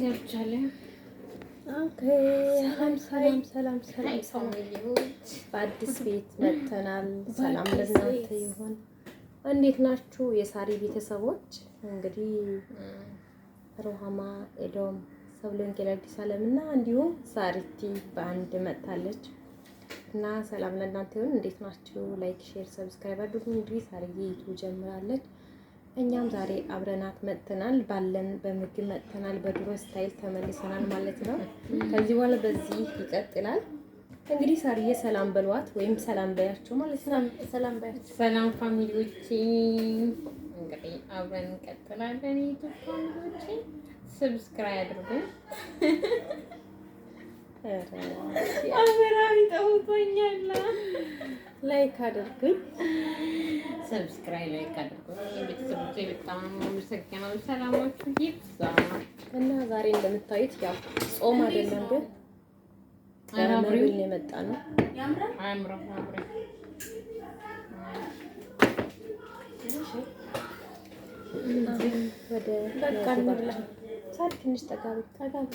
ገብቻለሁ። ሰላም ሰላም ሰላም ሰላም፣ በአዲስ ቤት መጥተናል። ሰላም ለእናንተ ይሁን። እንዴት ናችሁ የሳሪ ቤተሰቦች? እንግዲህ ሩሃማ ኤዶም፣ አዲስ አለም እና እንዲሁም ሳሪቲ በአንድ መጥታለች እና ሰላም ለእናንተ ይሁን። እንዴት ናችሁ? ላይክ፣ ሼር፣ ሰብስክራይብ አድርጉ። እንግዲህ ዩቱብ ጀምራለች እኛም ዛሬ አብረናት መጥተናል። ባለን በምግብ መጥተናል። በድሮ ስታይል ተመልሰናል ማለት ነው። ከዚህ በኋላ በዚህ ይቀጥላል። እንግዲህ ሳርዬ ሰላም በሏት ወይም ሰላም በያቸው ማለት ነው። ሰላም በያቸው። ሰላም ፋሚሊዎቼ፣ እንግዲህ አብረን እንቀጥላለን። ዩቱብ ፋሚሊዎቼ ሰብስክራይብ አድርጉ። አብራሪ ጠውቶኛላ ላይክ አድርጉኝ ሰብስክራይብ ላይ ካደርጉ የቤተሰቦቼ በጣም አመሰግናለሁ። ሰላማችሁ ይብዛ እና ዛሬ እንደምታዩት ያው ጾም አይደለም ግን አብሪው የመጣ ነው። ወደ በቃ ትንሽ ጠጋቤ ጠጋቤ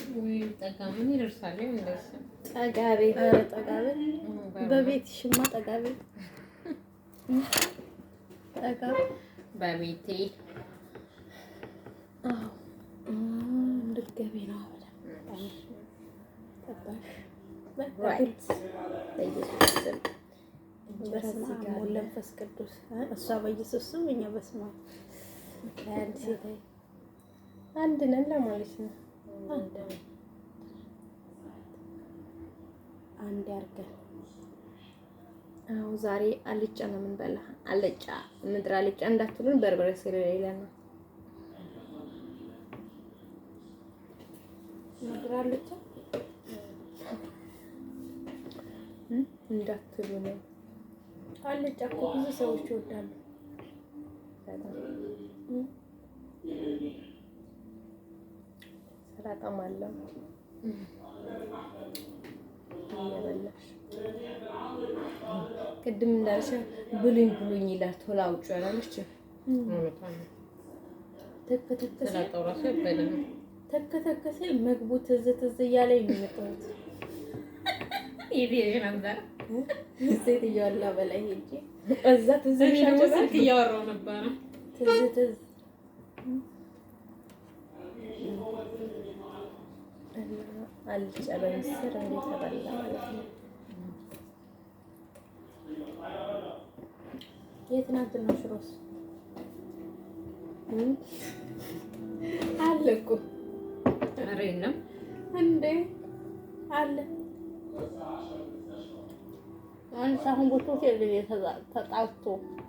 ጠጋምን ይደርሳል እንደሱ ጠጋቤ ጠጋ በቤቴ እንድትገቢ ነው በስመ ቅዱስ እሷ በኢየሱስ ስም እኛ በስመ አንድ ነን ለማለት ነው። አንድ አንድ አዎ ዛሬ አልጫ ነው የምንበላ። አልጫ ምድር አልጫ እንዳትሉን፣ በርበሬ ስለሌለ ነው ምድር አልጫ እንዳትሉ ነው። አልጫ እኮ ብዙ ሰዎች ይወዳሉ። ሰላጣም አለው እየበላሽ ቅድም እንዳልሽ ብሉኝ ብሉኝ ይላል። ቶሎ አውጪው ያላለች ተከተከሰ ምግቡ ትዝ ትዝ እያለ የሚመጣው ሴትዮዋ በላይ ሄጄ እዛ ትዝ እያወራሁ ነበረ ትዝ ትዝ አልጫ በምስር እንዴት ተበላ ማለት ነው። የትናንትና ሽሮስ አለ እኮ ኧረ የለም እንደ አለ አንድ ሳሁን ቦታዎች ተጣልቶ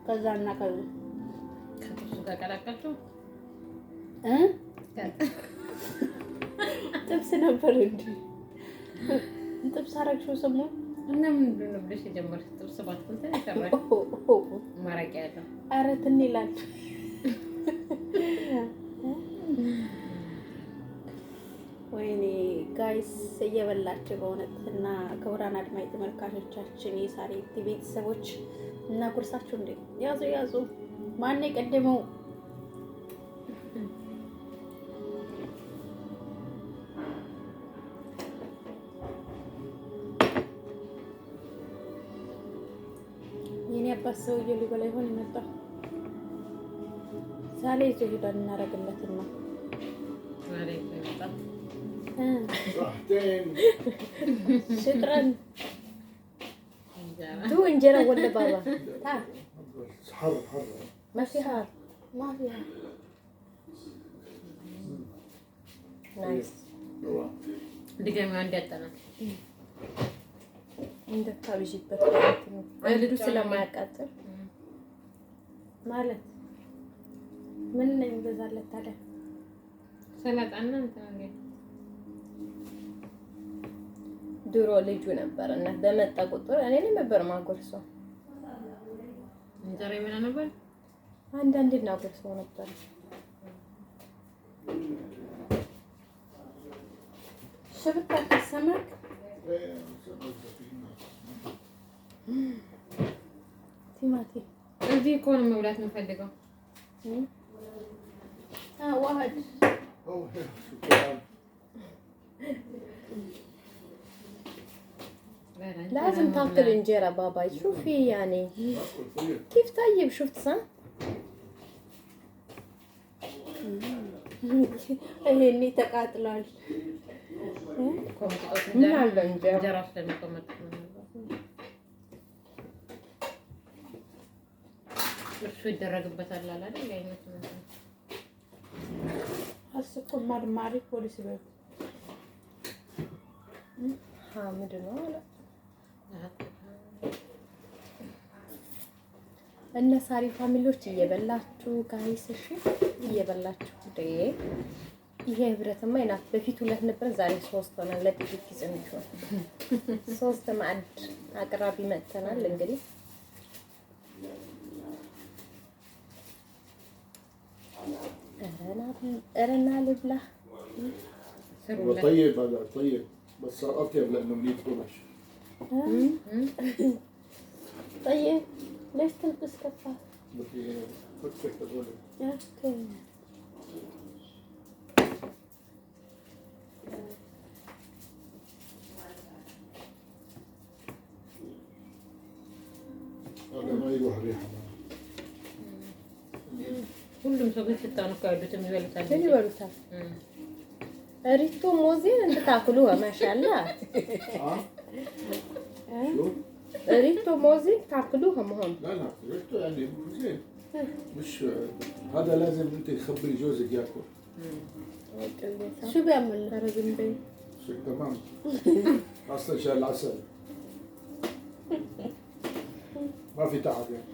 ከዛና ከዚህ ከጥብሱ ተቀላቀልኩ እ ጥብስ ነበር እንደ ጥብስ አረግሽው ስሙ እና ምንድን ነው ብለሽ የጀመርሽ? ጥብስ ባትኩልት የሰራሽ ማረቅ ያለው ኧረ እንትን ይላል። ወይኔ ጋይስ እየበላችሁ በእውነት እና ክቡራን አድማጭ ተመልካቾቻችን የሳሬ ቤተሰቦች እና ጉርሳችሁ እንዴ ያዙ ያዙ ማን የቀደመው ያለባት ሰውዬ ሊበላ ይሆን የመጣው? ዛሬ ይዞ ሄዷል። እናደርግለትን ነው ሽጥረን ቱ እንጀራ ወለ ባባ መፊሃር ድጋሚ እንዲያጠናል እንዳታብዥበት ማለት ነው። አንዱ ስለማያቃጥል ማለት ምን ነው የሚበዛለት ታዲያ ሰላጣና እንትን ድሮ ልጁ ነበር እና በመጣ ቁጥር እኔ ነበር ማጎርሰው እንጀራ ይበላ ነበር። አንዳንዴ እናጎርሰው ነበር። ሽብታ ከሰማክ ቲማቲም እዚህ እኮ ነው መብላት የምፈልገው። لازم تاكل انجيرة بابا شوفي يعني كيف طيب شفت صح ይሄኔ ተቃጥሏል ምን አለው እንጀራ እሱ ይደረግበታል አለ አይደል? አይነት ነው አስቆ ማድማሪ ፖሊስ ቤት ሐምድ ነው አለ እና ሳሪ ፋሚሊዎች እየበላችሁ ጋይስ፣ እሺ እየበላችሁ ደይ ይሄ ህብረትማ ይናት በፊት ሁለት ነበር፣ ዛሬ ሶስት ሆነ። ለጥቂት ጊዜ ሶስት ማዕድ አቅራቢ መጥተናል እንግዲህ ኧረ ና طيب هذا طيب بس اطيب لانه منيح قماش طيب ليش تلبس كفاف؟ بدي فكك هذول ሁሉም ሰው ግን ሽታውን እኮ ያሉትም ይበሉታል ይበሉታል። እንድታክሉ ማሻላ تاكلوها مهم لا لا ريتو يعني زين مش هذا لازم انت تخبري جوزك ياكل شو بيعمل لازم شو تمام خاصة شهر العسل ما في تعب يعني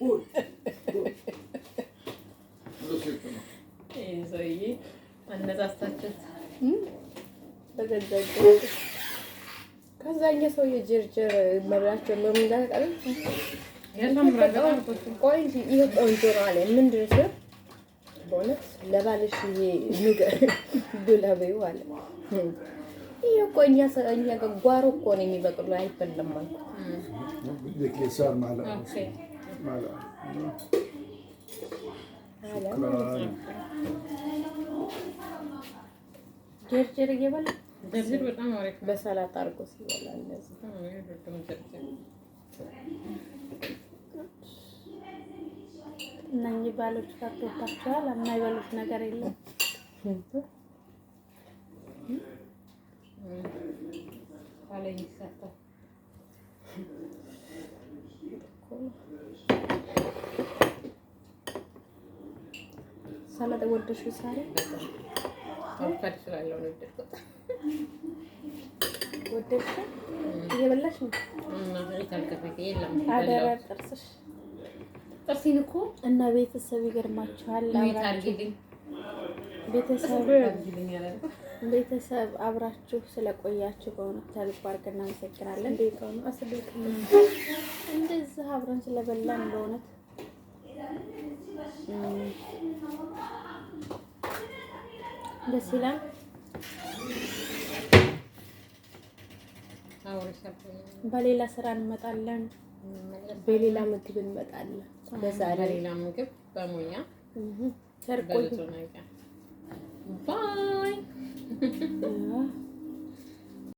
Good. Good. ከዛኛ ሰውዬ ጀርጀር መብላቸው ምን እንዳልቀረ ቆይ እንጂ ይሄ ቆንጆ ነው አለ። ምንድን ነው በእውነት ለባለሽ ይሄ አለ። ይሄ እኮ እኛ ጓሮ እኮ ነው የሚበቅሉ አይበላም አልኩት። ጀርጀር እየበላ ጀርጀር በጣም አሪፍ በሰላጣ አድርጎ ሲበላ እነኚህ ባሎች ታቶታቸዋል። የማይበሉት ነገር የለም። ባለ ይሰጣል ሳላጣ ወደሽ ሳሪ ጥርሴን እኮ እና ቤተሰብ ይገርማችኋል። ቤተሰብ አብራችሁ ስለቆያችሁ በእውነት አድርገን እናመሰግናለን። አብረን ስለበላን በእውነት ደስ ይላል። በሌላ ስራ እንመጣለን፣ በሌላ ምግብ እንመጣለን። በዛሬ በሌላ ምግብ በሙያ ሰርቆይ ባይ